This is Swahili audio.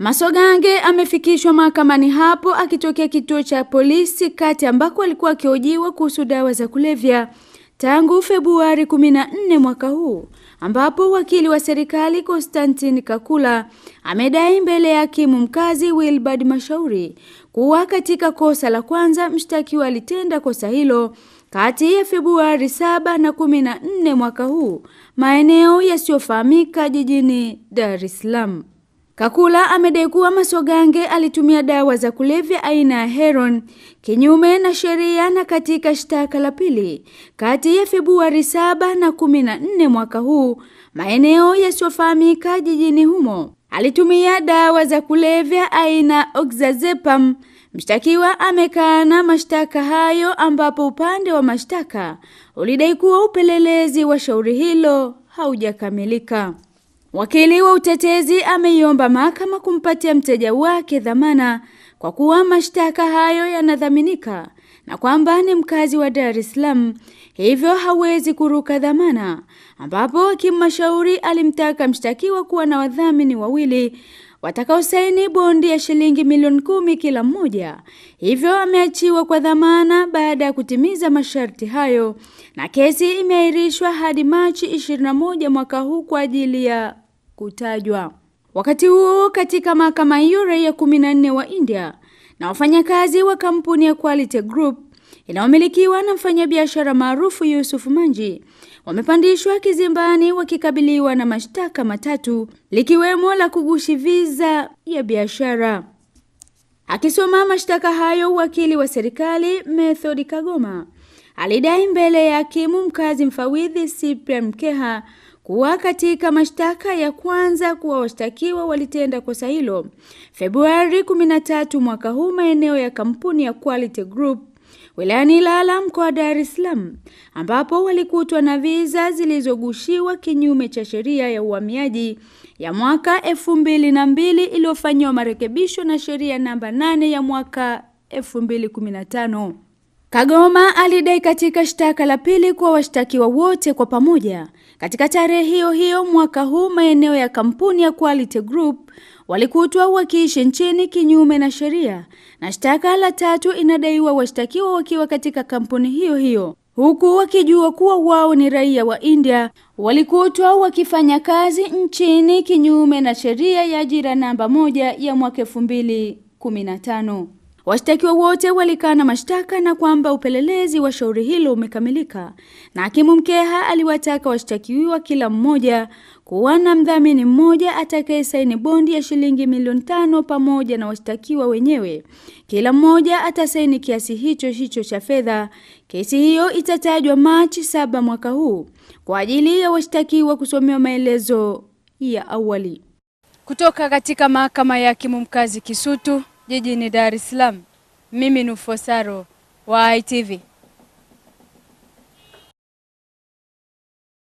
Masogange amefikishwa mahakamani hapo akitokea kituo cha polisi Kati ambako alikuwa akihojiwa kuhusu dawa za kulevya tangu Februari 14 mwaka huu ambapo wakili wa serikali Konstantin Kakula amedai mbele ya hakimu mkazi Wilbard Mashauri kuwa katika kosa la kwanza mshtakiwa alitenda kosa hilo kati ya Februari 7 na 14 mwaka huu maeneo yasiyofahamika jijini Dar es Salaam. Kakula amedai kuwa Masogange alitumia dawa za kulevya aina ya heroin kinyume na sheria na katika shtaka la pili kati ya Februari 7 na kumi na mwaka huu maeneo yasiyofahamika jijini humo alitumia dawa za kulevya aina oxazepam. Mshtakiwa amekana mashtaka hayo ambapo upande wa mashtaka ulidai kuwa upelelezi wa shauri hilo haujakamilika. Wakili wa utetezi ameiomba mahakama kumpatia mteja wake dhamana kwa kuwa mashtaka hayo yanadhaminika na kwamba ni mkazi wa Dar es Salaam, hivyo hawezi kuruka dhamana, ambapo mashauri alimtaka mshtakiwa kuwa na wadhamini wawili watakaosaini bondi ya shilingi milioni kumi kila mmoja, hivyo ameachiwa kwa dhamana baada ya kutimiza masharti hayo, na kesi imeahirishwa hadi Machi 21 mwaka huu kwa ajili ya kutajwa. Wakati huo katika mahakama hiyo raia 14 wa India na wafanyakazi wa kampuni ya Quality Group inayomilikiwa na mfanyabiashara maarufu Yusuf Manji wamepandishwa kizimbani wakikabiliwa na mashtaka matatu likiwemo la kugushi visa ya biashara. Akisoma mashtaka hayo, wakili wa serikali Method Kagoma alidai mbele ya hakimu mkazi mfawidhi Cyprian Mkeha kuwa katika mashtaka ya kwanza kuwa washtakiwa walitenda kosa hilo. Februari 13 mwaka huu maeneo ya kampuni ya Quality Group wilayani Ilala mkoa Dar es Salaam ambapo walikutwa na viza zilizogushiwa kinyume cha sheria ya uhamiaji ya mwaka elfu mbili na mbili iliyofanyiwa marekebisho na sheria namba nane ya mwaka 2015 Kagoma alidai katika shtaka la pili kuwa washtakiwa wote kwa pamoja katika tarehe hiyo hiyo mwaka huu maeneo ya kampuni ya Quality Group walikutwa wakiishi nchini kinyume na sheria, na shtaka la tatu inadaiwa washtakiwa wakiwa katika kampuni hiyo hiyo huku wakijua kuwa wao ni raia wa India walikutwa wakifanya kazi nchini kinyume na sheria ya ajira namba moja ya mwaka elfu mbili kumi na tano. Washtakiwa wote walikana mashtaka na kwamba upelelezi wa shauri hilo umekamilika, na hakimu Mkeha aliwataka washtakiwa kila mmoja kuwa na mdhamini mmoja atakayesaini bondi ya shilingi milioni tano pamoja na washtakiwa wenyewe. Kila mmoja atasaini kiasi hicho hicho cha fedha. Kesi hiyo itatajwa Machi saba mwaka huu kwa ajili ya washtakiwa kusomewa maelezo ya awali kutoka katika mahakama ya hakimu mkazi Kisutu jijini Dar es Salaam. Mimi ni Fosaro wa ITV.